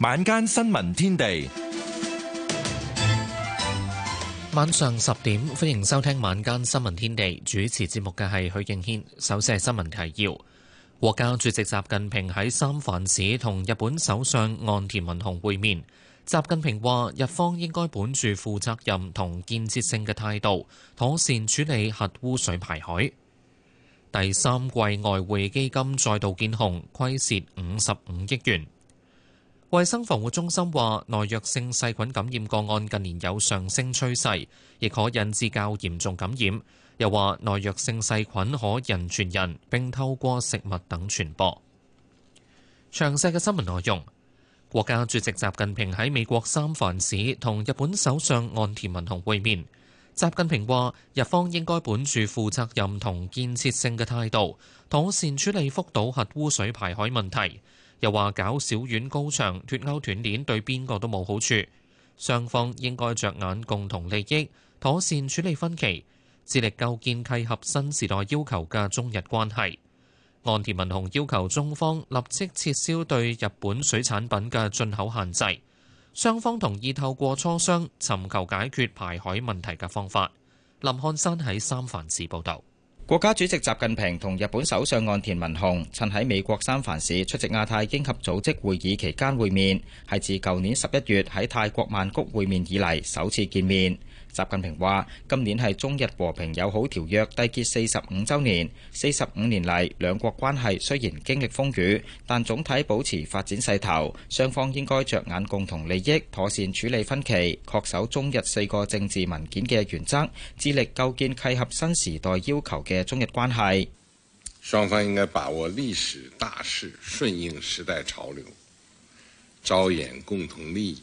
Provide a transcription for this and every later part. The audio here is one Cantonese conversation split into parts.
晚間新聞天地，晚上十點，歡迎收聽晚間新聞天地。主持節目嘅係許敬軒。首先係新聞提要：國家主席習近平喺三藩市同日本首相岸田文雄會面。習近平話，日方應該本住負責任同建設性嘅態度，妥善處理核污水排海。第三季外匯基金再度見紅，虧蝕五十五億元。衛生防護中心話，耐藥性細菌感染個案近年有上升趨勢，亦可引致較嚴重感染。又話，耐藥性細菌可人傳人，並透過食物等傳播。詳細嘅新聞內容，國家主席習近平喺美國三藩市同日本首相岸田文雄會面。習近平話，日方應該本住負責任同建設性嘅態度，妥善處理福島核污水排海問題。又話搞小院高牆、脫鈎斷鏈，對邊個都冇好處。雙方應該着眼共同利益，妥善處理分歧，致力構建契合新時代要求嘅中日關係。岸田文雄要求中方立即撤銷對日本水產品嘅進口限制。雙方同意透過磋商尋求解決排海問題嘅方法。林漢山喺三藩市報導。國家主席習近平同日本首相岸田文雄趁喺美國三藩市出席亞太經合組織會議期間會面，係自舊年十一月喺泰國曼谷會面以嚟首次見面。習近平話：今年係中日和平友好條約締結四十五周年。四十五年嚟，兩國關係雖然經歷風雨，但總體保持發展勢頭。雙方應該着眼共同利益，妥善處理分歧，恪守中日四個政治文件嘅原則，致力構建契合新時代要求嘅中日關係。雙方應該把握歷史大勢，順應時代潮流，着眼共同利益。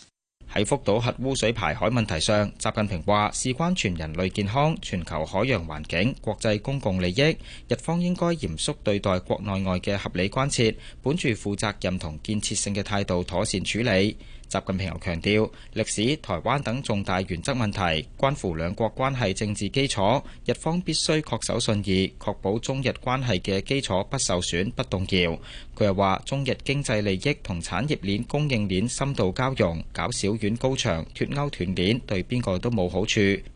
喺福島核污水排海問題上，習近平話，事關全人類健康、全球海洋環境、國際公共利益，日方應該嚴肅對待國內外嘅合理關切，本住負責任同建設性嘅態度，妥善處理。習近平又強調歷史台灣等重大原則問題關乎兩國關係政治基礎日方必須恪守信義確保中日關係嘅基礎不受損不動搖佢又話中日經濟利益同產業鏈供應鏈深度交融搞小院高牆脱鉤斷鏈對邊個都冇好處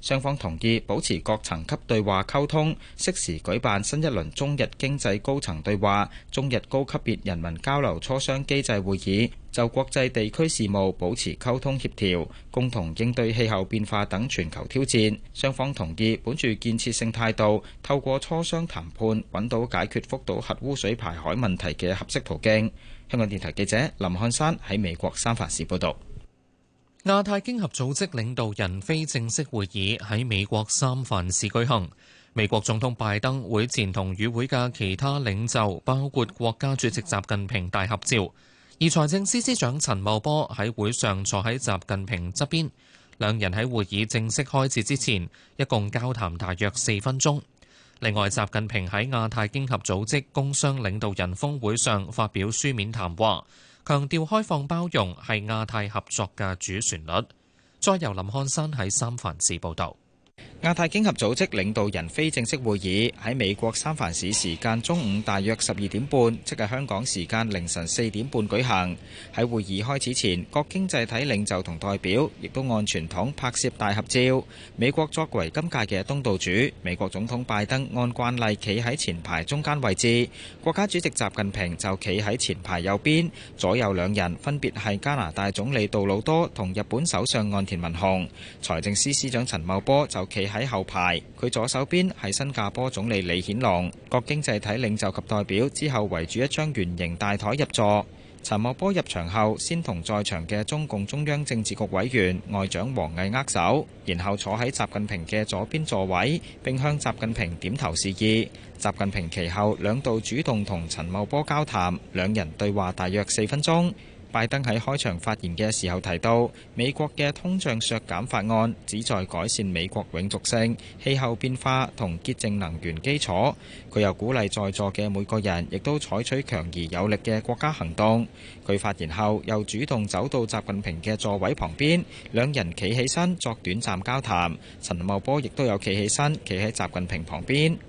雙方同意保持各層級對話溝通，適時舉辦新一輪中日經濟高層對話、中日高級別人民交流磋商機制會議，就國際地區事務保持溝通協調，共同應對氣候變化等全球挑戰。雙方同意本住建設性態度，透過磋商談判揾到解決福島核污水排海問題嘅合適途徑。香港電台記者林漢山喺美國三藩市報道。亞太經合組織領導人非正式會議喺美國三藩市舉行，美國總統拜登會前同與會嘅其他領袖，包括國家主席習近平大合照，而財政司司長陳茂波喺會上坐喺習近平側邊，兩人喺會議正式開始之前，一共交談大約四分鐘。另外，習近平喺亞太經合組織工商領導人峰會上發表書面談話。強調開放包容係亞太合作嘅主旋律。再由林漢山喺三藩市報導。亞太經合組織領導人非正式會議喺美國三藩市時間中午大約十二點半，即係香港時間凌晨四點半舉行。喺會議開始前，各經濟體領袖同代表亦都按傳統拍攝大合照。美國作為今屆嘅東道主，美國總統拜登按慣例企喺前排中間位置，國家主席習近平就企喺前排右邊，左右兩人分別係加拿大總理杜魯多同日本首相岸田文雄，財政司司長陳茂波就企喺後排，佢左手邊係新加坡總理李顯龍。各經濟體領袖及代表之後圍住一張圓形大枱入座。陳茂波入場後，先同在場嘅中共中央政治局委員外長王毅握手，然後坐喺習近平嘅左邊座位，並向習近平點頭示意。習近平其後兩度主動同陳茂波交談，兩人對話大約四分鐘。拜登喺開場發言嘅時候提到，美國嘅通脹削減法案旨在改善美國永續性、氣候變化同潔淨能源基礎。佢又鼓勵在座嘅每個人亦都採取強而有力嘅國家行動。佢發言後又主動走到習近平嘅座位旁邊，兩人企起身作短暫交談。陳茂波亦都有企起身，企喺習近平旁邊。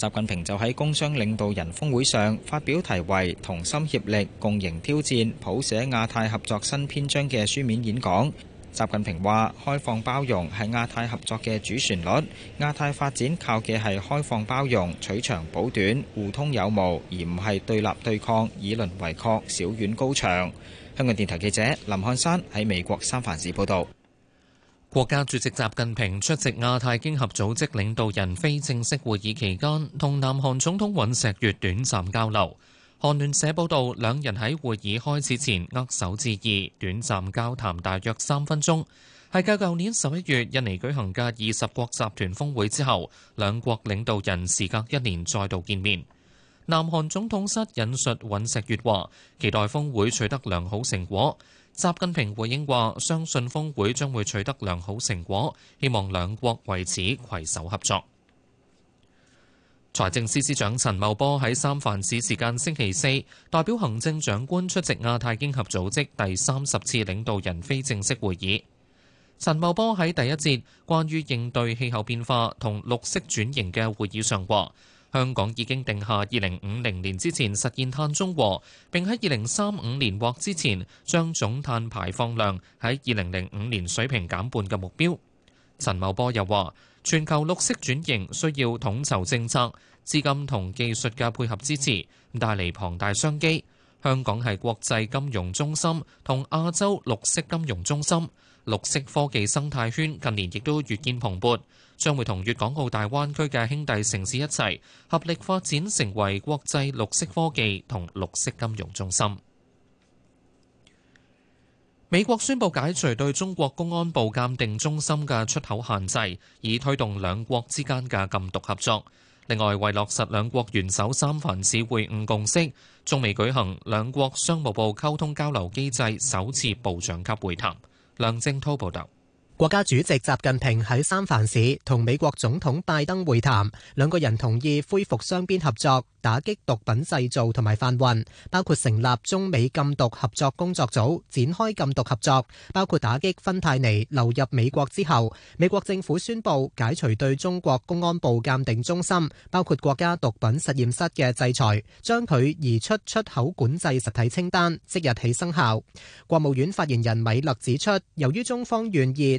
習近平就喺工商領導人峰會上發表題為，同心協力共迎挑戰，譜寫亞太合作新篇章嘅書面演講。習近平話，開放包容係亞太合作嘅主旋律。亞太發展靠嘅係開放包容，取長補短，互通有無，而唔係對立對抗，以鄰為壑，小院高牆。香港電台記者林漢山喺美國三藩市報道。國家主席習近平出席亞太經合組織領導人非正式會議期間，同南韓總統尹錫悅短暫交流。韓聯社報導，兩人喺會議開始前握手致意，短暫交談大約三分鐘。係繼舊年十一月印尼舉行嘅二十國集團峰會之後，兩國領導人時隔一年再度見面。南韓總統室引述尹錫悅話：期待峰會取得良好成果。習近平回應話：相信峰會將會取得良好成果，希望兩國為此攜手合作。財政司司長陳茂波喺三藩市時間星期四代表行政長官出席亞太經合組織第三十次領導人非正式會議。陳茂波喺第一節關於應對氣候變化同綠色轉型嘅會議上話。香港已經定下2050年之前實現碳中和，並喺2035年或之前將總碳排放量喺2005年水平減半嘅目標。陳茂波又話：全球綠色轉型需要統籌政策、資金同技術嘅配合支持，咁帶嚟龐大商機。香港係國際金融中心同亞洲綠色金融中心、綠色科技生態圈，近年亦都越見蓬勃。將會同粵港澳大灣區嘅兄弟城市一齊，合力發展成為國際綠色科技同綠色金融中心。美國宣布解除對中國公安部鑑定中心嘅出口限制，以推動兩國之間嘅禁毒合作。另外，為落實兩國元首三藩市會晤共識，仲未舉行兩國商務部溝通交流機制首次部長級會談。梁正滔報道。國家主席習近平喺三藩市同美國總統拜登會談，兩個人同意恢復雙邊合作，打擊毒品製造同埋販運，包括成立中美禁毒合作工作組，展開禁毒合作，包括打擊芬太尼流入美國之後，美國政府宣布解除對中國公安部鑒定中心，包括國家毒品實驗室嘅制裁，將佢移出出口管制實體清單，即日起生效。國務院發言人米勒指出，由於中方願意。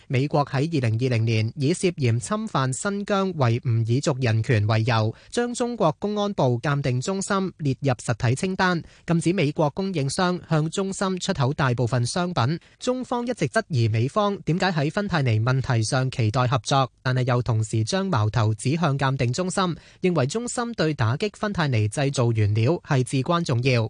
美國喺二零二零年以涉嫌侵犯新疆維吾爾族人權為由，將中國公安部鑑定中心列入實體清單，禁止美國供應商向中心出口大部分商品。中方一直質疑美方點解喺芬太尼問題上期待合作，但係又同時將矛頭指向鑑定中心，認為中心對打擊芬太尼製造原料係至關重要。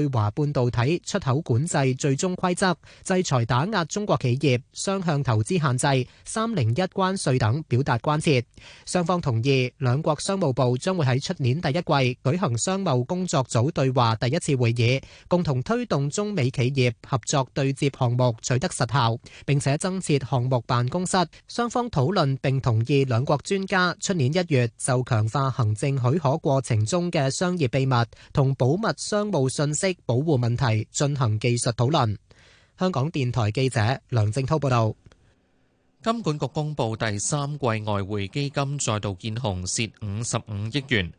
對華半導體出口管制最終規則、制裁打壓中國企業、雙向投資限制、三零一關稅等表達關切。雙方同意，兩國商務部將會喺出年第一季舉行商務工作組對話第一次會議，共同推動中美企業合作對接項目取得實效，並且增設項目辦公室。雙方討論並同意，兩國專家出年一月就強化行政許可過程中嘅商業秘密同保密商務信即保護問題進行技術討論。香港電台記者梁正濤報道：金管局公布第三季外匯基金再度見紅，蝕五十五億元。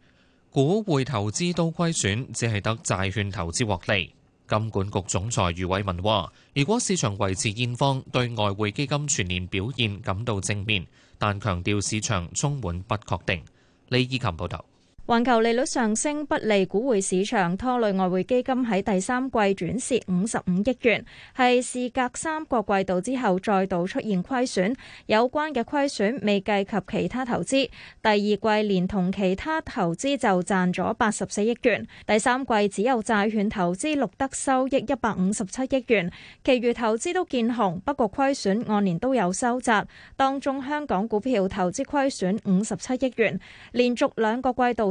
股匯投資都虧損，只係得債券投資獲利。金管局總裁余偉文話：如果市場維持現況，對外匯基金全年表現感到正面，但強調市場充滿不確定。李依琴報道。環球利率上升不利股匯市場，拖累外匯基金喺第三季轉蝕五十五億元，係事隔三個季度之後再度出現虧損。有關嘅虧損未計及其他投資，第二季連同其他投資就賺咗八十四億元，第三季只有債券投資錄得收益一百五十七億元，其餘投資都見紅，不過虧損按年都有收窄。當中香港股票投資虧損五十七億元，連續兩個季度。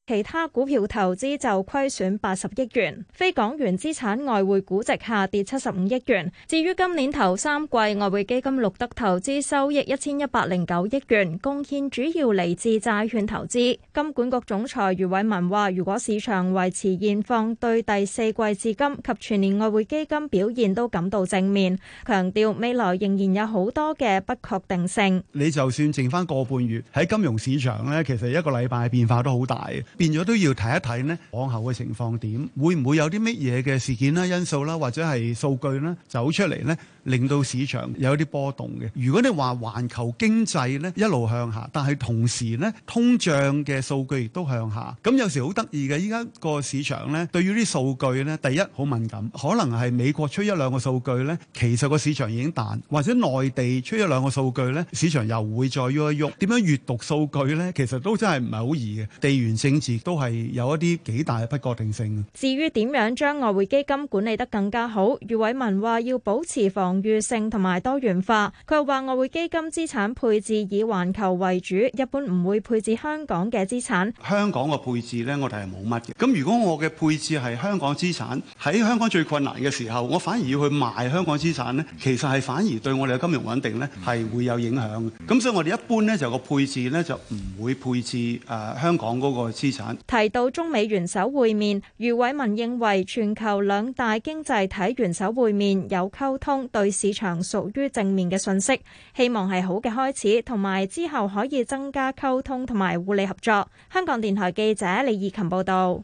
其他股票投資就虧損八十億元，非港元資產外匯估值下跌七十五億元。至於今年頭三季外匯基金錄得投資收益一千一百零九億元，貢獻主要嚟自債券投資。金管局總裁余偉文話，如果市場維持現況，對第四季至今及全年外匯基金表現都感到正面，強調未來仍然有好多嘅不確定性。你就算剩返個半月喺金融市場呢，其實一個禮拜變化都好大。變咗都要睇一睇呢，往後嘅情況點，會唔會有啲乜嘢嘅事件啦、因素啦，或者係數據呢走出嚟呢，令到市場有啲波動嘅。如果你話環球經濟呢一路向下，但係同時呢通脹嘅數據亦都向下，咁有時好得意嘅，依家個市場呢，對於啲數據呢，第一好敏感，可能係美國出一兩個數據呢，其實個市場已經彈，或者內地出一兩個數據呢，市場又會再喐一喐。點樣閱讀數據呢？其實都真係唔係好易嘅，地緣性。都係有一啲幾大嘅不確定性。至於點樣將外匯基金管理得更加好，余偉文話要保持防禦性同埋多元化。佢又話外匯基金資產配置以環球為主，一般唔會配置香港嘅資產。香港嘅配置呢，我哋係冇乜嘅。咁如果我嘅配置係香港資產，喺香港最困難嘅時候，我反而要去賣香港資產呢，其實係反而對我哋嘅金融穩定呢係會有影響。咁所以我哋一般呢，就個配置呢，就唔會配置誒香港嗰個資提到中美元首會面，余偉文認為全球兩大經濟體元首會面有溝通，對市場屬於正面嘅信息，希望係好嘅開始，同埋之後可以增加溝通同埋互利合作。香港電台記者李義琴報道。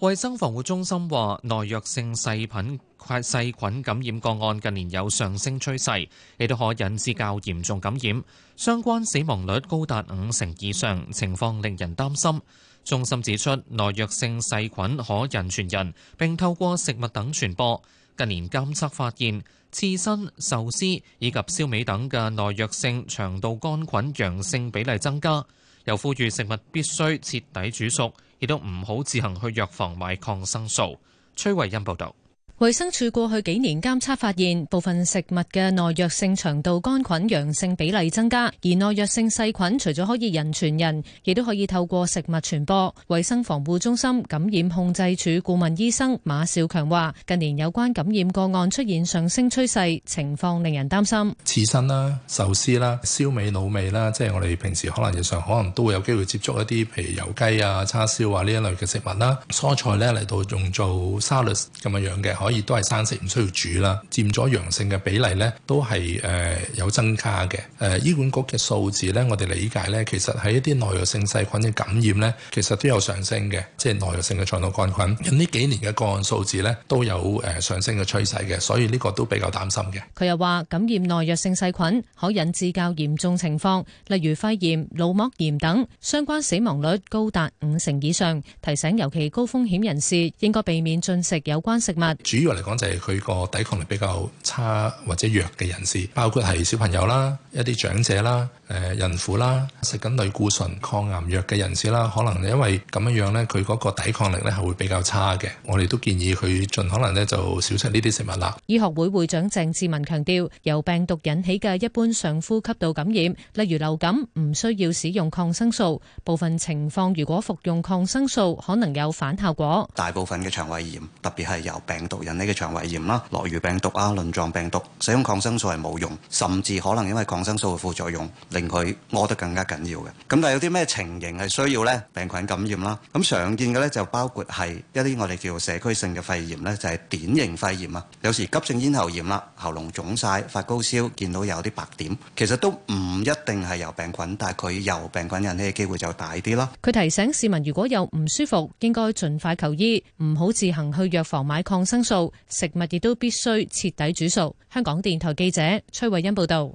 衛生防護中心話，耐藥性細菌細菌感染個案近年有上升趨勢，亦都可引致較嚴重感染，相關死亡率高達五成以上，情況令人擔心。中心指出，耐藥性細菌可人傳人，並透過食物等傳播。近年監測發現刺身、壽司以及燒味等嘅耐藥性腸道杆菌陽性比例增加。又呼籲食物必須徹底煮熟，亦都唔好自行去藥房買抗生素。崔慧欣報道。衛生署過去幾年監測發現，部分食物嘅耐藥性腸道桿菌陽性比例增加，而耐藥性細菌除咗可以人傳人，亦都可以透過食物傳播。衛生防護中心感染控制處顧問醫生馬少強話，近年有關感染個案出現上升趨勢，情況令人擔心。刺身啦、壽司啦、燒味卤味啦，即係、就是、我哋平時可能日常可能都會有機會接觸一啲，譬如油雞啊、叉燒啊呢一類嘅食物啦，蔬菜呢嚟到用做沙律咁嘅樣嘅，所以都係生食唔需要煮啦，佔咗陽性嘅比例呢，都係誒有增加嘅。誒，醫管局嘅數字呢，我哋理解呢，其實喺一啲耐藥性細菌嘅感染呢，其實都有上升嘅，即係耐藥性嘅腸道桿菌。咁呢幾年嘅個案數字呢，都有誒上升嘅趨勢嘅，所以呢個都比較擔心嘅。佢又話感染耐藥性細菌可引致較嚴重情況，例如肺炎、腦膜炎等，相關死亡率高達五成以上。提醒尤其高風險人士應該避免進食有關食物。主要嚟講，就係佢個抵抗力比較差或者弱嘅人士，包括係小朋友啦、一啲長者啦。誒孕婦啦，食緊類固醇、抗癌藥嘅人士啦，可能因為咁樣樣咧，佢嗰個抵抗力呢係會比較差嘅。我哋都建議佢盡可能呢就少食呢啲食物啦。醫學會會長鄭志文強調，由病毒引起嘅一般上呼吸道感染，例如流感，唔需要使用抗生素。部分情況如果服用抗生素，可能有反效果。大部分嘅腸胃炎，特別係由病毒引起嘅腸胃炎啦，諾如病毒啊、輪狀病毒，使用抗生素係冇用，甚至可能因為抗生素嘅副作用。令佢屙得更加緊要嘅，咁但係有啲咩情形係需要呢？病菌感染啦，咁常見嘅咧就包括係一啲我哋叫社區性嘅肺炎咧，就係典型肺炎啊。有時急性咽喉炎啦，喉嚨腫晒，發高燒，見到有啲白點，其實都唔一定係由病菌，但係佢由病菌引起嘅機會就大啲咯。佢提醒市民如果有唔舒服，應該盡快求醫，唔好自行去藥房買抗生素。食物亦都必須徹底煮熟。香港電台記者崔慧欣報道。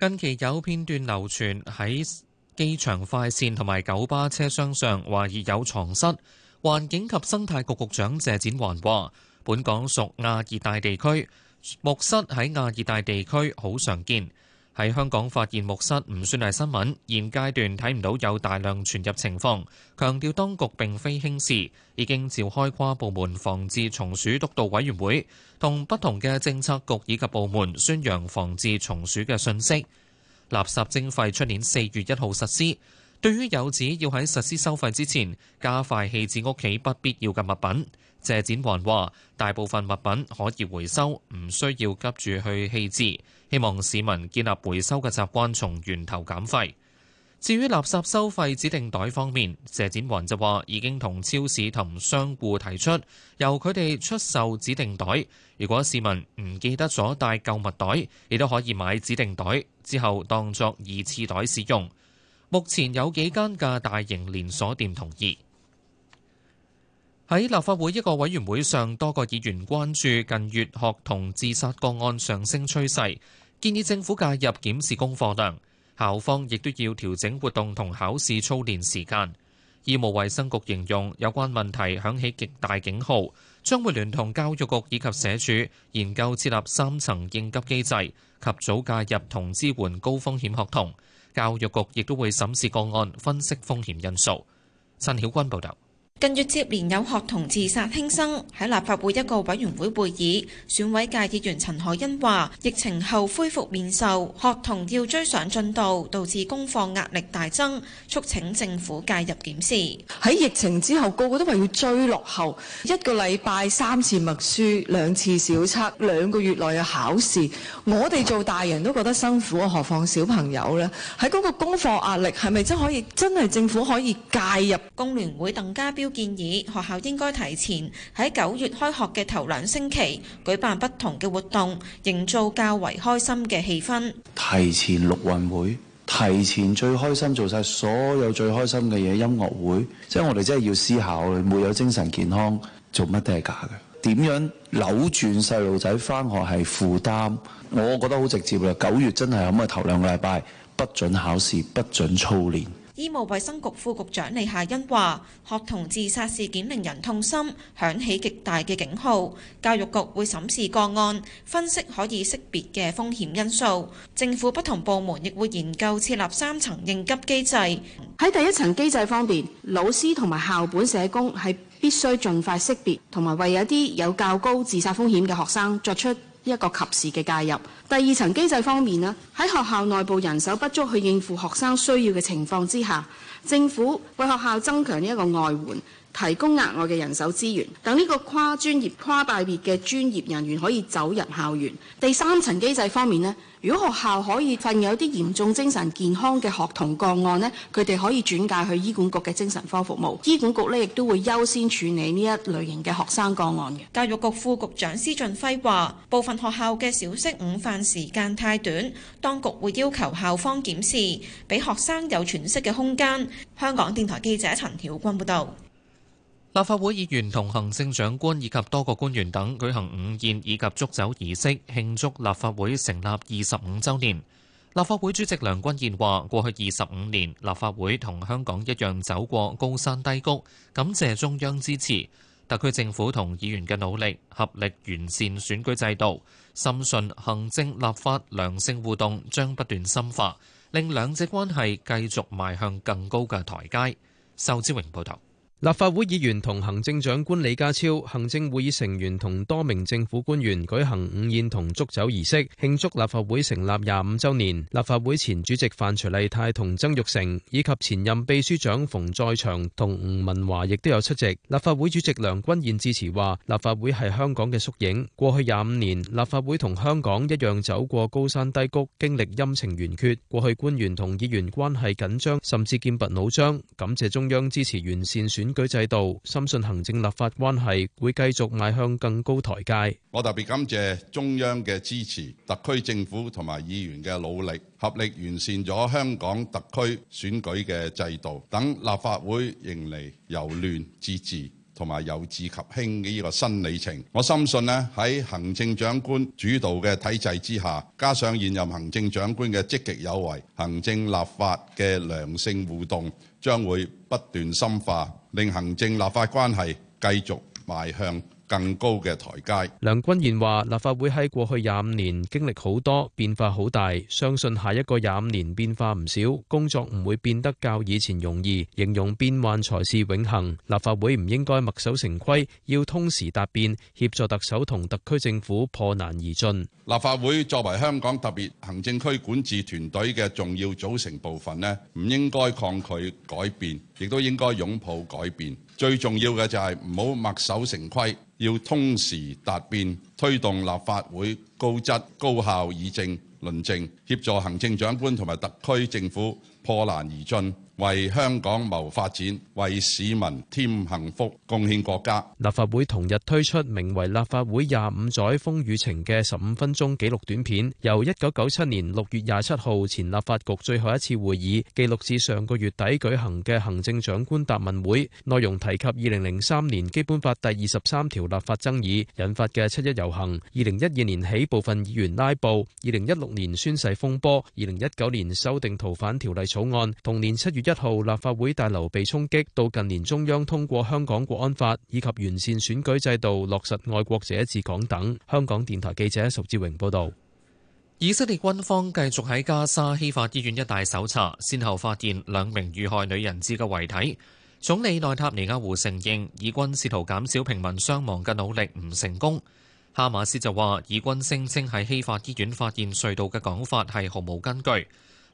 近期有片段流傳喺機場快線同埋九巴車廂上，懷疑有床虱。環境及生態局局長謝展寰話：本港屬亞熱帶地區，木虱喺亞熱帶地區好常見。喺香港發現木虱唔算係新聞，現階段睇唔到有大量傳入情況。強調當局並非輕視，已經召開跨部門防治松鼠督導委員會，同不同嘅政策局以及部門宣揚防治松鼠嘅訊息。垃圾徵費出年四月一號實施，對於有指要喺實施收費之前加快棄置屋企不必要嘅物品。謝展寰話：大部分物品可以回收，唔需要急住去棄置。希望市民建立回收嘅習慣，從源頭減廢。至於垃圾收費指定袋方面，謝展寰就話已經同超市同商戶提出，由佢哋出售指定袋。如果市民唔記得咗帶購物袋，亦都可以買指定袋，之後當作二次袋使用。目前有幾間嘅大型連鎖店同意。喺立法會一個委員會上，多個議員關注近月學童自殺個案上升趨勢，建議政府介入檢視功課量，校方亦都要調整活動同考試操練時間。醫務衛生局形容有關問題響起極大警號，將會聯同教育局以及社署研究設立三層應急機制，及早介入同支援高風險學童。教育局亦都會審視個案，分析風險因素。陳曉君報道。近月接連有學童自殺輕生，喺立法會一個委員會會議，選委界議員陳凱欣話：疫情後恢復面授，學童要追上進度，導致功課壓力大增，促請政府介入檢視。喺疫情之後，個個都話要追落後，一個禮拜三次默書，兩次小測，兩個月內有考試，我哋做大人都覺得辛苦啊，何況小朋友呢？喺嗰個功課壓力係咪真可以？真係政府可以介入？工聯會鄧家彪。建議學校應該提前喺九月開學嘅頭兩星期舉辦不同嘅活動，營造較為開心嘅氣氛。提前陸運會，提前最開心做晒所有最開心嘅嘢，音樂會。即係我哋真係要思考，你冇有精神健康做乜都係假嘅。點樣扭轉細路仔返學係負擔？我覺得好直接喇，九月真係可唔可以頭兩個禮拜，不准考試，不准操練。醫務衛生局副局長李夏茵話，學童自殺事件令人痛心，響起極大嘅警號。教育局會審視個案，分析可以識別嘅風險因素。政府不同部門亦會研究設立三層應急機制。喺第一層機制方面，老師同埋校本社工係必須盡快識別，同埋為一啲有較高自殺風險嘅學生作出。一個及時嘅介入。第二層機制方面咧，喺學校內部人手不足去應付學生需要嘅情況之下，政府為學校增強呢個外援。提供額外嘅人手資源，等呢個跨專業，跨界別嘅專業人員可以走入校園。第三層機制方面咧，如果學校可以發現有啲嚴重精神健康嘅學童個案咧，佢哋可以轉介去醫管局嘅精神科服務。醫管局咧亦都會優先處理呢一類型嘅學生個案嘅。教育局副局長施俊輝話，部分學校嘅小息、午飯時間太短，當局會要求校方檢視，俾學生有喘息嘅空間。香港電台記者陳曉君報導。立法會議員同行政長官以及多個官員等舉行午宴以及祝酒儀式，慶祝立法會成立二十五週年。立法會主席梁君彥話：過去二十五年，立法會同香港一樣走過高山低谷，感謝中央支持、特區政府同議員嘅努力，合力完善選舉制度，深信行政立法良性互動將不斷深化，令兩者關係繼續邁向更高嘅台階。仇志榮報道。立法會議員同行政長官李家超、行政會議成員同多名政府官員舉行午宴同祝酒儀式，慶祝立法會成立廿五週年。立法會前主席范徐麗泰同曾鈺成以及前任秘書長馮載祥同吳文華亦都有出席。立法會主席梁君彥致辭話：立法會係香港嘅縮影。過去廿五年，立法會同香港一樣走過高山低谷，經歷陰晴圓缺。過去官員同議員關係緊張，甚至劍拔弩張。感謝中央支持完善選選舉制度，深信行政立法關係會繼續邁向更高台階。我特別感謝中央嘅支持，特區政府同埋議員嘅努力，合力完善咗香港特區選舉嘅制度，等立法會迎嚟由亂至治，同埋由治及興嘅呢個新里程。我深信咧喺行政長官主導嘅體制之下，加上現任行政長官嘅積極有為，行政立法嘅良性互動。將會不斷深化，令行政立法關係繼續邁向更高嘅台階。梁君彥話：立法會喺過去廿五年經歷好多變化，好大，相信下一個廿五年變化唔少，工作唔會變得較以前容易。形容變幻才是永恆。立法會唔應該墨守成規，要通時達變，協助特首同特區政府破難而進。立法會作為香港特別行政區管治團隊嘅重要組成部分呢，唔應該抗拒改變。亦都應該擁抱改變，最重要嘅就係唔好墨守成規，要通時達變，推動立法會高質高效議政論政，協助行政長官同埋特區政府破難而進。為香港謀發展，為市民添幸福，貢獻國家。立法會同日推出名為《立法會廿五載風雨情》嘅十五分鐘紀錄短片，由一九九七年六月廿七號前立法局最後一次會議記錄至上個月底舉行嘅行政長官答問會，內容提及二零零三年基本法第二十三條立法爭議引發嘅七一遊行，二零一二年起部分議員拉布，二零一六年宣誓風波，二零一九年修訂逃犯條例草案，同年七月一。一號立法會大樓被衝擊，到近年中央通過香港國安法以及完善選舉制度，落實愛國者治港等。香港電台記者淑志榮報道。以色列軍方繼續喺加沙希法醫院一帶搜查，先後發現兩名遇害女人質嘅遺體。總理內塔尼亞胡承認，以軍試圖減少平民傷亡嘅努力唔成功。哈馬斯就話，以軍聲稱喺希法醫院發現隧道嘅講法係毫無根據。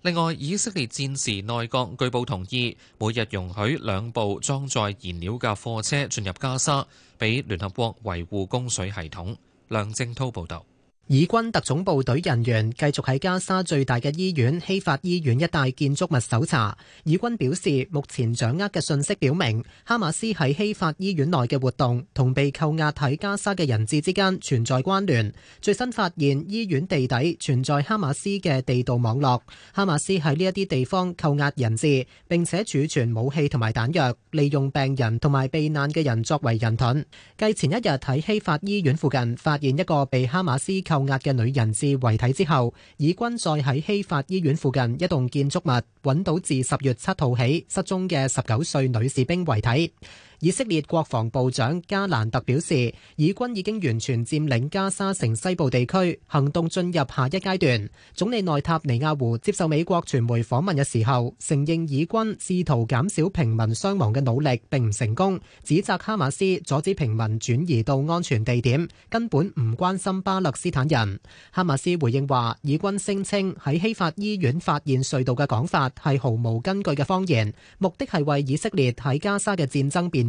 另外，以色列戰時內閣據報同意每日容許兩部裝載燃料嘅貨車進入加沙，俾聯合國維護供水系統。梁正滔報導。以軍特種部隊人員繼續喺加沙最大嘅醫院希法醫院一帶建築物搜查。以軍表示，目前掌握嘅信息表明，哈馬斯喺希法醫院內嘅活動同被扣押喺加沙嘅人質之間存在關聯。最新發現，醫院地底存在哈馬斯嘅地道網絡。哈馬斯喺呢一啲地方扣押人質，並且儲存武器同埋彈藥，利用病人同埋避難嘅人作為人盾。繼前一日喺希法醫院附近發現一個被哈馬斯扣受押嘅女人質遺體之後，以軍再喺希法醫院附近一棟建築物揾到自十月七號起失蹤嘅十九歲女士兵遺體。以色列國防部長加蘭特表示，以軍已經完全佔領加沙城西部地區，行動進入下一階段。總理內塔尼亞胡接受美國傳媒訪問嘅時候，承認以軍試圖減少平民傷亡嘅努力並唔成功，指責哈馬斯阻止平民轉移到安全地點，根本唔關心巴勒斯坦人。哈馬斯回應話，以軍聲稱喺希法醫院發現隧道嘅講法係毫無根據嘅謊言，目的係為以色列喺加沙嘅戰爭辯。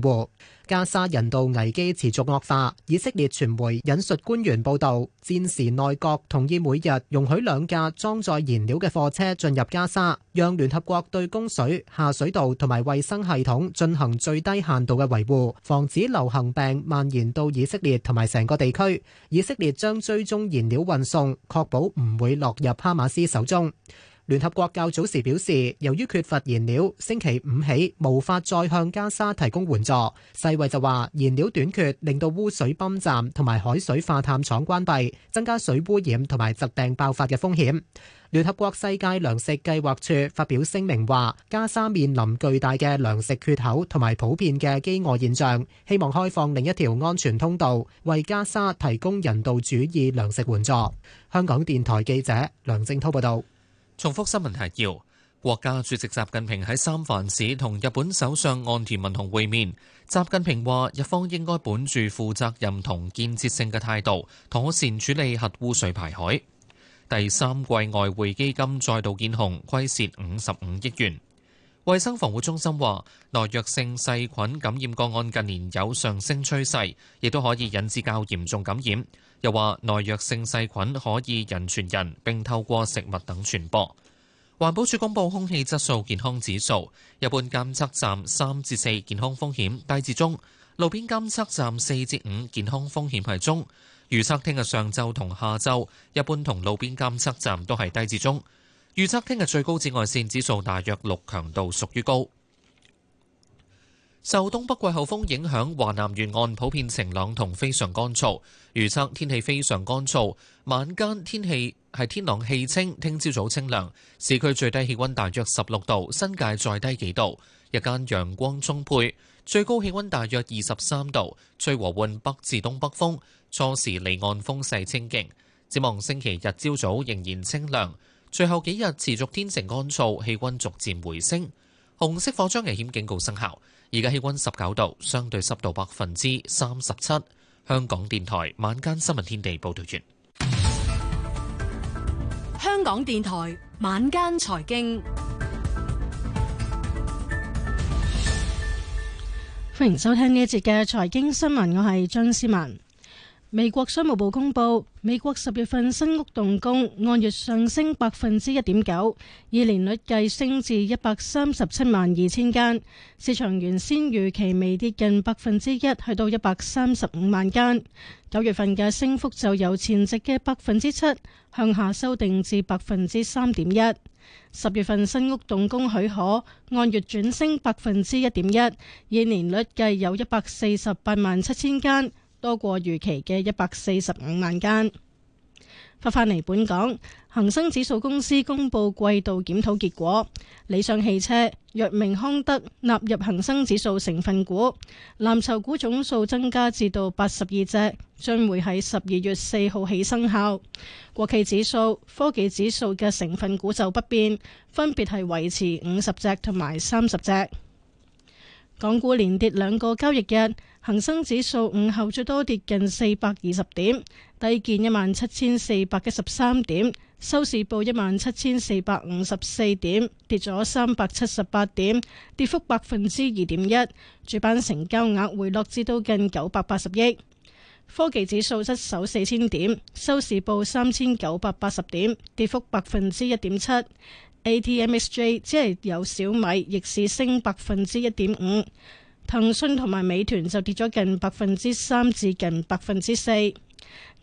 加沙人道危機持續惡化，以色列傳媒引述官員報道，戰時內閣同意每日容許兩架裝載燃料嘅貨車進入加沙，讓聯合國對供水、下水道同埋衛生系統進行最低限度嘅維護，防止流行病蔓延到以色列同埋成個地區。以色列將追蹤燃料運送，確保唔會落入哈馬斯手中。聯合國較早時表示，由於缺乏燃料，星期五起無法再向加沙提供援助。世衛就話，燃料短缺令到污水泵站同埋海水化淡廠關閉，增加水污染同埋疾病爆發嘅風險。聯合國世界糧食計劃處發表聲明話，加沙面臨巨大嘅糧食缺口同埋普遍嘅飢餓現象，希望開放另一條安全通道，為加沙提供人道主義糧食援助。香港電台記者梁正滔報道。重複新聞提要：國家主席習近平喺三藩市同日本首相岸田文雄會面。習近平話：日方應該本住負責任同建設性嘅態度，妥善處理核污水排海。第三季外匯基金再度見紅，虧蝕五十五億元。衛生防護中心話：耐藥性細菌感染個案近年有上升趨勢，亦都可以引致較嚴重感染。又話耐藥性細菌可以人傳人，並透過食物等傳播。環保署公布空氣質素健康指數，一般監測站三至四健康風險低至中，路邊監測站四至五健康風險係中。預測聽日上晝同下晝一般同路邊監測站都係低至中。預測聽日最高紫外線指數大約六，強度屬於高。受東北季候風影響，華南沿岸普遍晴朗同非常乾燥。預測天氣非常乾燥，晚間天氣係天朗氣清，聽朝早清涼。市區最低氣溫大約十六度，新界再低幾度。日間陽光充沛，最高氣溫大約二十三度，吹和緩北至東北風。初時離岸風勢清勁，展望星期日朝早，早仍然清涼。最後幾日持續天晴乾燥，氣溫逐漸回升。紅色火災危險警告生效。而家氣溫十九度，相對濕度百分之三十七。香港電台晚間新聞天地報道完。香港電台晚間財經，歡迎收聽呢一節嘅財經新聞，我係張思文。美國商務部公布，美國十月份新屋動工按月上升百分之一點九，以年率計升至一百三十七萬二千間。市場原先預期微跌近百分之一，去到一百三十五萬間。九月份嘅升幅就由前值嘅百分之七向下修訂至百分之三點一。十月份新屋動工許可按月轉升百分之一點一，以年率計有一百四十八萬七千間。多過預期嘅一百四十五萬間，發返嚟，本港恒生指數公司公布季度檢討結果，理想汽車、藥明康德納入恒生指數成分股，藍籌股總數增加至到八十二隻，將會喺十二月四號起生效。國企指數、科技指數嘅成分股就不變，分別係維持五十隻同埋三十隻。港股連跌兩個交易日，恒生指數午後最多跌近四百二十點，低見一萬七千四百一十三點，收市報一萬七千四百五十四點，跌咗三百七十八點，跌幅百分之二點一。主板成交額回落至到近九百八十億。科技指數失守四千點，收市報三千九百八十點，跌幅百分之一點七。A.T.M.S.J. 只係有小米逆市升百分之一點五，騰訊同埋美團就跌咗近百分之三至近百分之四，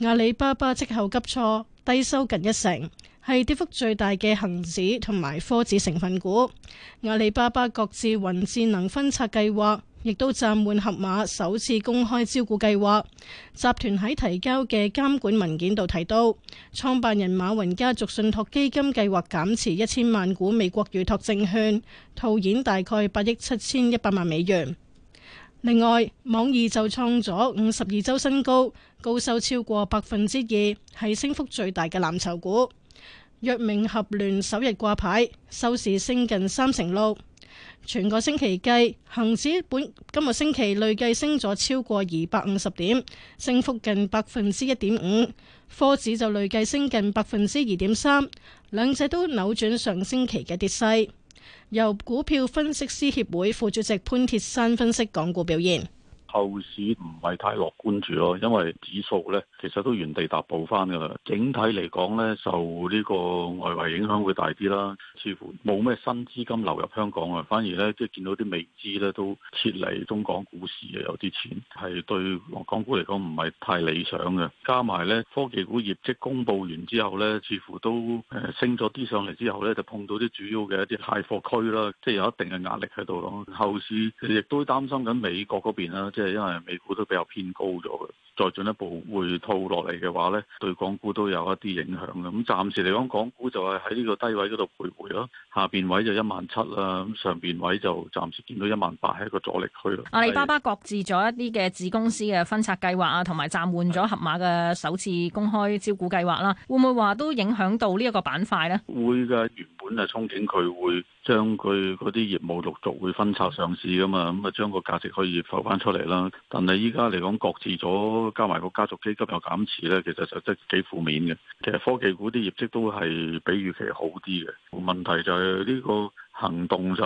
阿里巴巴即後急挫低收近一成，係跌幅最大嘅恒指同埋科指成分股。阿里巴巴各自雲智能分拆計劃。亦都暫緩盒馬首次公開招股計劃，集團喺提交嘅監管文件度提到，創辦人馬雲家族信託基金計劃減持一千萬股美國預託證券，套現大概八億七千一百萬美元。另外，網易就創咗五十二週新高，高收超過百分之二，係升幅最大嘅藍籌股。藥明合聯首日掛牌，收市升近三成六。全個星期計，恒指本今個星期累計升咗超過二百五十點，升幅近百分之一點五；科指就累計升近百分之二點三，兩者都扭轉上星期嘅跌勢。由股票分析師協會副主席潘鐵山分析港股表現。後市唔係太樂觀住咯，因為指數咧其實都原地踏步翻噶啦。整體嚟講咧，受呢個外圍影響會大啲啦。似乎冇咩新資金流入香港啊，反而咧即係見到啲未知咧都撤離中港股市嘅有啲錢，係對港股嚟講唔係太理想嘅。加埋咧科技股業績公佈完之後咧，似乎都升咗啲上嚟之後咧，就碰到啲主要嘅一啲派貨區啦，即係有一定嘅壓力喺度咯。後市亦都擔心緊美國嗰邊啦，即因為美股都比較偏高咗嘅，再進一步會套落嚟嘅話咧，對港股都有一啲影響嘅。咁暫時嚟講，港股就係喺呢個低位嗰度徘徊咯。下邊位就一萬七啦，咁上邊位就暫時見到一萬八係一個阻力區啦。阿里巴巴擱置咗一啲嘅子公司嘅分拆計劃啊，同埋暫緩咗盒馬嘅首次公開招股計劃啦，會唔會話都影響到呢一個板塊咧？會嘅。本係憧憬佢會將佢嗰啲業務陸續會分拆上市㗎嘛，咁啊將個價值可以浮返出嚟啦。但係依家嚟講，擱置咗加埋個家族基金又減持咧，其實實質幾負面嘅。其實科技股啲業績都係比預期好啲嘅，問題就係呢個。行動就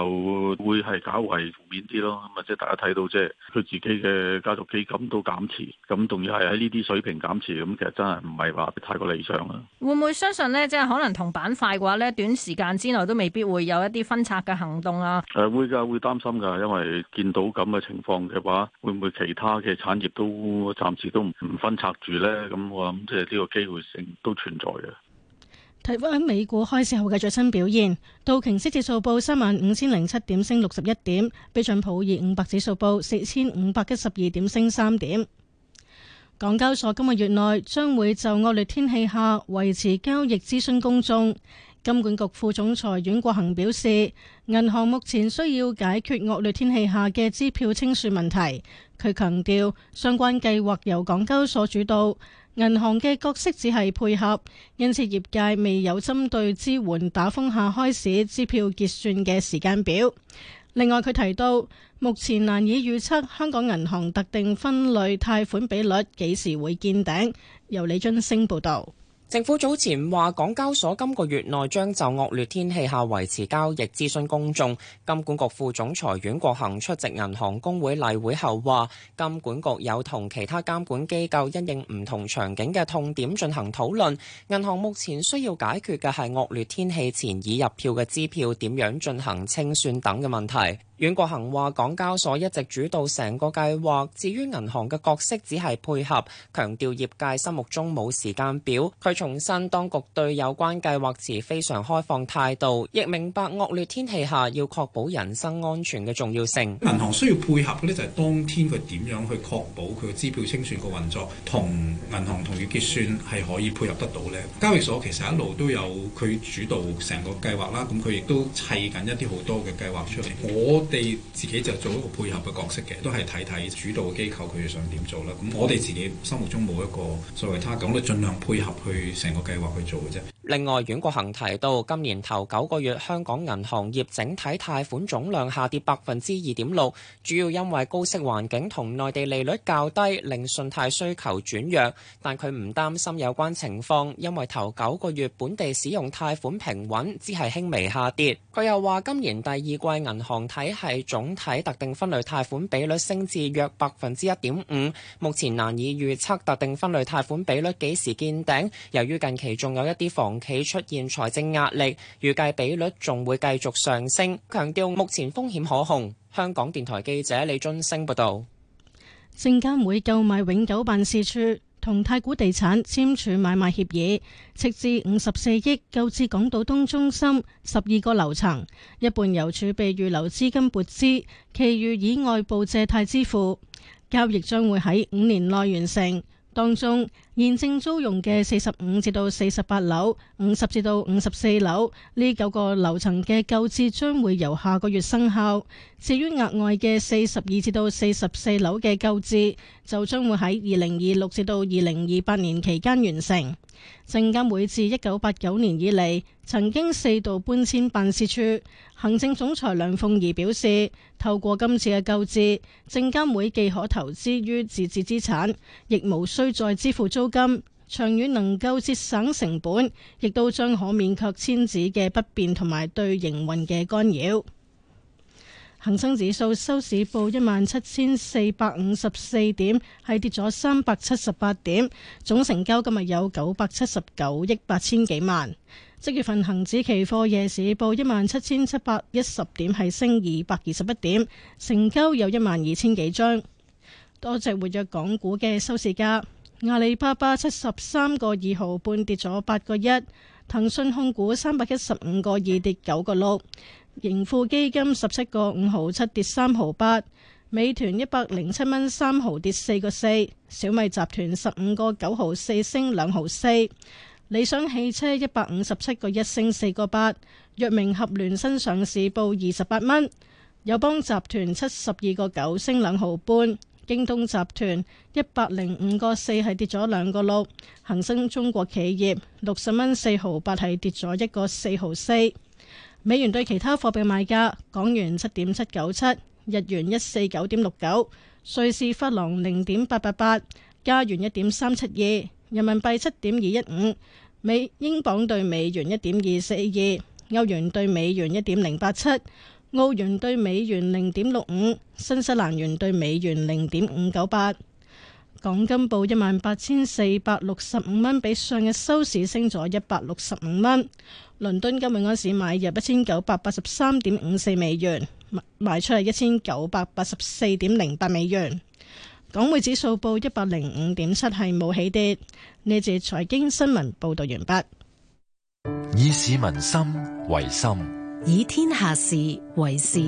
會係較為負面啲咯，咁啊即係大家睇到即係佢自己嘅家族基金都減持，咁仲要係喺呢啲水平減持，咁其實真係唔係話太過理想啊。會唔會相信咧？即係可能同板塊嘅話咧，短時間之內都未必會有一啲分拆嘅行動啊。誒會噶，會擔心噶，因為見到咁嘅情況嘅話，會唔會其他嘅產業都暫時都唔分拆住咧？咁我諗即係呢個機會性都存在嘅。睇喺美股開市後嘅最新表現，道瓊斯指數報三萬五千零七點，升六十一點；標準普爾五百指數報四千五百一十二點，升三點。港交所今個月內將會就惡劣天氣下維持交易諮詢公眾。金管局副總裁阮國恒表示，銀行目前需要解決惡劣天氣下嘅支票清算問題。佢強調，相關計劃由港交所主導。銀行嘅角色只係配合，因此業界未有針對支援打風下開市支票結算嘅時間表。另外，佢提到目前難以預測香港銀行特定分類貸款比率幾時會見頂。由李津升報導。政府早前話，港交所今個月內將就惡劣天氣下維持交易諮詢公眾。金管局副總裁阮國恒出席銀行公會例會後話，金管局有同其他監管機構因應唔同場景嘅痛點進行討論。銀行目前需要解決嘅係惡劣天氣前已入票嘅支票點樣進行清算等嘅問題。阮國恒話：港交所一直主導成個計劃，至於銀行嘅角色只係配合，強調業界心目中冇時間表。佢重申當局對有關計劃持非常開放態度，亦明白惡劣天氣下要確保人身安全嘅重要性。銀行需要配合呢，就係當天佢點樣去確保佢嘅支票清算個運作同銀行同業結算係可以配合得到呢。交易所其實一路都有佢主導成個計劃啦，咁佢亦都砌緊一啲好多嘅計劃出嚟。我我哋自己就做一個配合嘅角色嘅，都係睇睇主導機構佢哋想點做啦。咁我哋自己心目中冇一個所謂 target，我都盡量配合去成個計劃去做嘅啫。另外，阮國恒提到，今年頭九個月香港銀行業整體貸款總量下跌百分之二點六，主要因為高息環境同內地利率較低，令信貸需求轉弱。但佢唔擔心有關情況，因為頭九個月本地使用貸款平穩，只係輕微下跌。佢又話，今年第二季銀行體系總體特定分類貸款比率升至約百分之一點五。目前難以預測特定分類貸款比率幾時見頂，由於近期仲有一啲房企出現財政壓力，預計比率仲會繼續上升。強調目前風險可控。香港電台記者李津升報道，證監會購買永久辦事處同太古地產簽署買賣協議，斥資五十四億購置港島東中心十二個樓層，一半由儲備預留資金撥資，其餘以外部借貸支付。交易將會喺五年內完成，當中，現正租用嘅四十五至到四十八樓、五十至到五十四樓呢九個樓層嘅購置將會由下個月生效。至於額外嘅四十二至到四十四樓嘅購置，就將會喺二零二六至到二零二八年期間完成。證監會自一九八九年以嚟，曾經四度搬遷辦事處。行政總裁梁鳳儀表示，透過今次嘅購置，證監會既可投資於自治資產，亦無需再支付租。金長遠能夠節省成本，亦都將可免卻簽紙嘅不便同埋對營運嘅干擾。恒生指數收市報一萬七千四百五十四點，係跌咗三百七十八點，總成交今日有九百七十九億八千幾萬。即月份恒指期貨夜市報一萬七千七百一十點，係升二百二十一點，成交有一萬二千幾張。多隻活躍港股嘅收市價。阿里巴巴七十三個二毫半跌咗八個一，騰訊控股三百一十五個二跌九個六，盈富基金十七個五毫七跌三毫八，美團一百零七蚊三毫跌四個四，小米集團十五個九毫四升兩毫四，理想汽車一百五十七個一升四個八，藥明合聯新上市報二十八蚊，友邦集團七十二個九升兩毫半。京東集團一百零五個四係跌咗兩個六，恒生中國企業六十蚊四毫八係跌咗一個四毫四。美元對其他貨幣賣價：港元七點七九七，日元一四九點六九，瑞士法郎零點八八八，加元一點三七二，人民幣七點二一五，美英鎊兌美元一點二四二，歐元兌美元一點零八七。澳元對美元零點六五，新西蘭元對美元零點五九八，港金報一萬八千四百六十五蚊，比上日收市升咗一百六十五蚊。倫敦金每盎司買入一千九百八十三點五四美元，賣賣出係一千九百八十四點零八美元。港匯指數報一百零五點七，係冇起跌。呢、這、節、個、財經新聞報道完畢。以市民心為心。以天下事為事。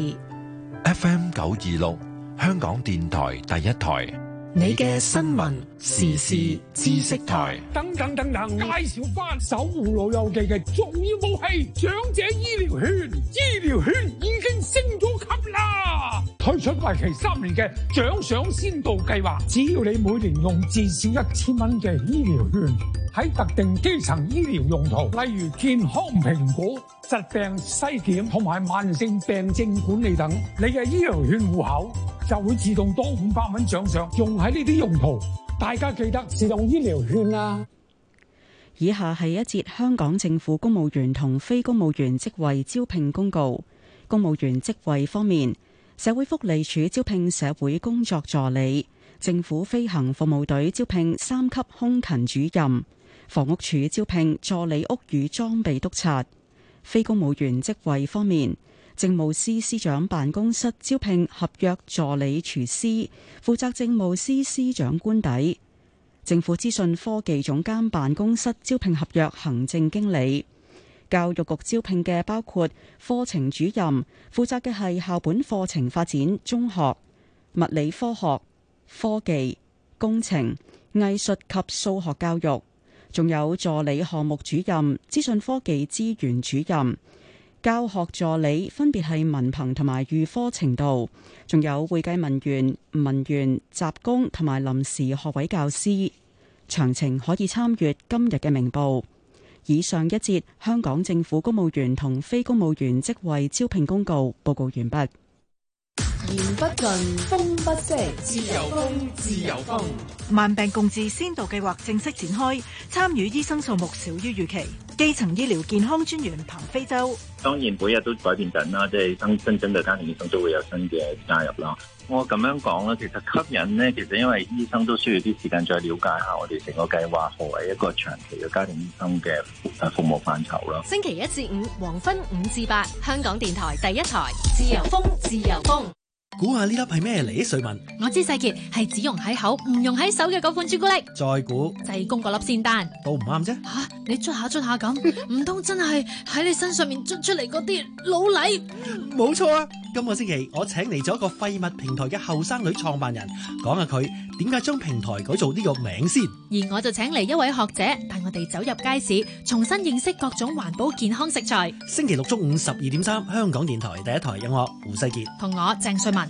FM 九二六，香港電台第一台。你嘅新聞時事知識台，等等等等，介紹翻守護老友記嘅重要武器——長者醫療券，醫療券已經升咗級啦！推出為期三年嘅獎賞先導計劃，只要你每年用至少一千蚊嘅醫療券喺特定基層醫療用途，例如健康評估、疾病篩檢同埋慢性病症管理等，你嘅醫療券戶口，就會自動多五百蚊獎賞，用喺呢啲用途。大家記得自動醫療券啦。以下係一節香港政府公務員同非公務員職位招聘公告。公務員職位方面，社會福利署招聘社會工作助理，政府飛行服務隊招聘三級空勤主任，房屋署招聘助理屋宇裝備督察。非公務員職位方面。政務司司長辦公室招聘合約助理廚師，負責政務司司長官邸。政府資訊科技總監辦公室招聘合約行政經理。教育局招聘嘅包括課程主任，負責嘅係校本課程發展、中學物理科學、科技工程、藝術及數學教育，仲有助理項目主任、資訊科技資源主任。教學助理分別係文憑同埋預科程度，仲有會計文員、文員、雜工同埋臨時學位教師。詳情可以參閱今日嘅明報。以上一節香港政府公務員同非公務員職位招聘公告報告完畢。言不盡，風不息，自由風，自由風。慢病共治先導計劃正式展開，參與醫生數目少於預期。基層醫療健康專員彭飛舟。當然每日都改變緊啦，即係新新增嘅家庭醫生都會有新嘅加入啦。我咁樣講，其實吸引咧，其實因為醫生都需要啲時間再了解下我哋成個計劃何為一個長期嘅家庭醫生嘅服務範疇咯。星期一至五黃昏五至八，香港電台第一台自由風，自由風。自由風估下呢粒係咩嚟？瑞文，我知世杰係只溶喺口唔溶喺手嘅嗰款朱古力。再估濟公嗰粒仙丹都唔啱啫。吓，你捽下捽下咁，唔通真係喺你身上面捽出嚟嗰啲老禮？冇錯啊！今個星期我請嚟咗一個廢物平台嘅後生女創辦人，講下佢點解將平台改做呢個名先。而我就請嚟一位學者帶我哋走入街市，重新認識各種環保健康食材。星期六中午十二點三，香港電台第一台有我胡世杰同我鄭瑞文。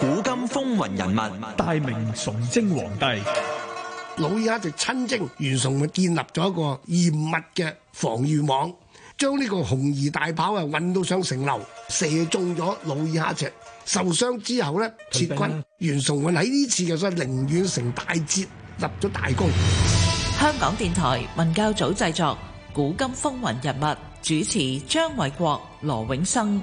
古今風雲人物，大明崇禎皇帝，努爾哈赤親征，袁崇煥建立咗一個嚴密嘅防禦網，將呢個紅夷大炮啊運到上城樓，射中咗努爾哈赤，受傷之後咧，撤軍。袁崇煥喺呢次又再寧遠城大捷，立咗大功。香港電台文教組製作《古今風雲人物》，主持張偉國、羅永生。